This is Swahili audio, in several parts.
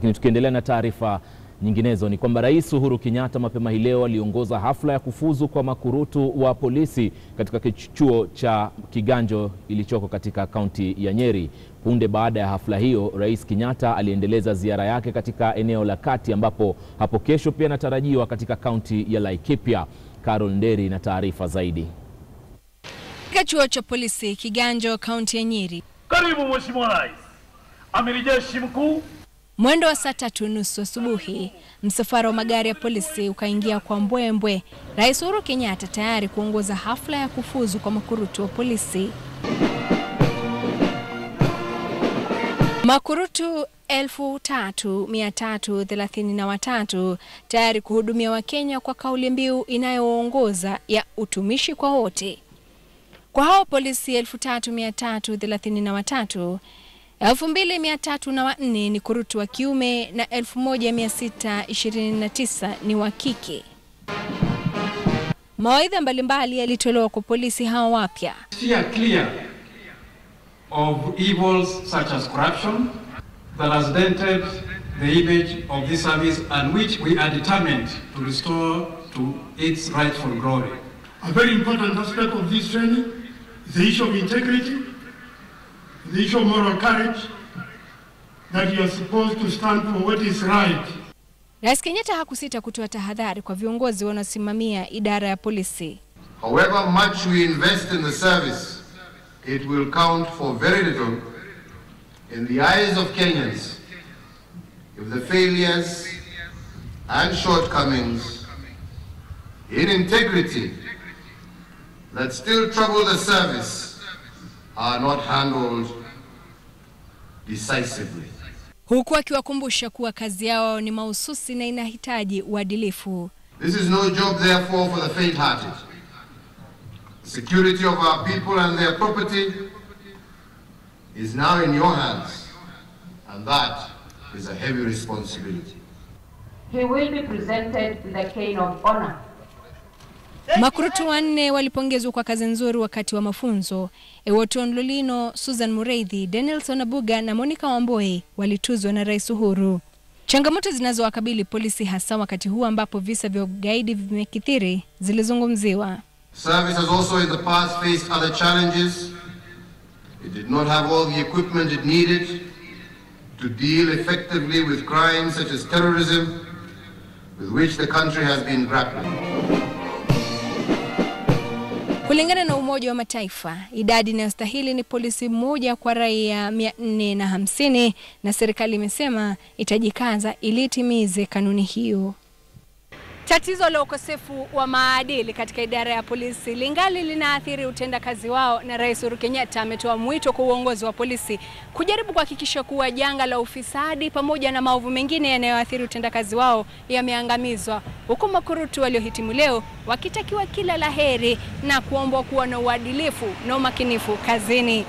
Lakini tukiendelea na taarifa nyinginezo ni kwamba Rais Uhuru Kenyatta mapema hii leo aliongoza hafla ya kufuzu kwa makurutu wa polisi katika kichuo cha Kiganjo ilichoko katika kaunti ya Nyeri. Punde baada ya hafla hiyo, Rais Kenyatta aliendeleza ziara yake katika eneo la kati ambapo hapo kesho pia anatarajiwa katika kaunti ya Laikipia. Carol Nderi na taarifa zaidi. Katika chuo cha polisi Kiganjo, kaunti ya Nyeri. Karibu Mheshimiwa Rais, amiri jeshi mkuu Mwendo wa saa tatu nusu asubuhi, msafara wa magari ya polisi ukaingia kwa mbwembwe. Rais Uhuru Kenyatta tayari kuongoza hafla ya kufuzu kwa makurutu wa polisi. Makurutu elfu tatu mia tatu thelathini na watatu tayari kuhudumia Wakenya kwa kauli mbiu inayoongoza ya utumishi kwa wote. Kwa hao polisi elfu tatu mia tatu thelathini na watatu elfu ni kurutu wa kiume na 1629 ni wa kike. Mawaidha mbalimbali yalitolewa kwa polisi hao wapya. Steer clear of evils such as corruption that has dented the image of this service and which we are determined to restore to its rightful glory. A very important aspect of this training is the issue of integrity the issue of moral courage, that you are supposed to stand for what is right. Rais Kenyatta hakusita kutoa tahadhari kwa viongozi wanaosimamia idara ya polisi. However much we invest in the service, it will count for very little in the eyes of Kenyans if the failures and shortcomings in integrity that still trouble the service are not handled decisively huku akiwakumbusha kuwa kazi yao ni mahususi na inahitaji uadilifu. This is no job therefore for the faint-hearted. Security of our people and their property is now in your hands and that is a heavy responsibility. He will be presented with the cane of honor Makurutu wanne walipongezwa kwa kazi nzuri wakati wa mafunzo. Ewoton Lulino, Susan Mureithi, Danielson Abuga na Monica Wamboi walituzwa na Rais Uhuru. Changamoto zinazowakabili polisi hasa wakati huu ambapo visa vya ugaidi vimekithiri zilizungumziwa. Service has also in the past faced other challenges. It did not have all the equipment it needed to deal effectively with crimes such as terrorism with which the country has been grappling. Kulingana na Umoja wa Mataifa, idadi inayostahili ni polisi mmoja kwa raia mia nne na hamsini na serikali imesema itajikaza ili itimize kanuni hiyo. Tatizo la ukosefu wa maadili katika idara ya polisi lingali linaathiri utendakazi wao, na Rais Uhuru Kenyatta ametoa mwito kwa uongozi wa polisi kujaribu kuhakikisha kuwa janga la ufisadi pamoja na maovu mengine yanayoathiri utendakazi wao yameangamizwa, huku makurutu waliohitimu leo wakitakiwa kila la heri na kuombwa kuwa na uadilifu na umakinifu kazini.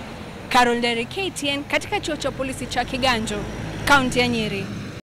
Carol Derrick, KTN, katika chuo cha polisi cha Kiganjo, kaunti ya Nyeri.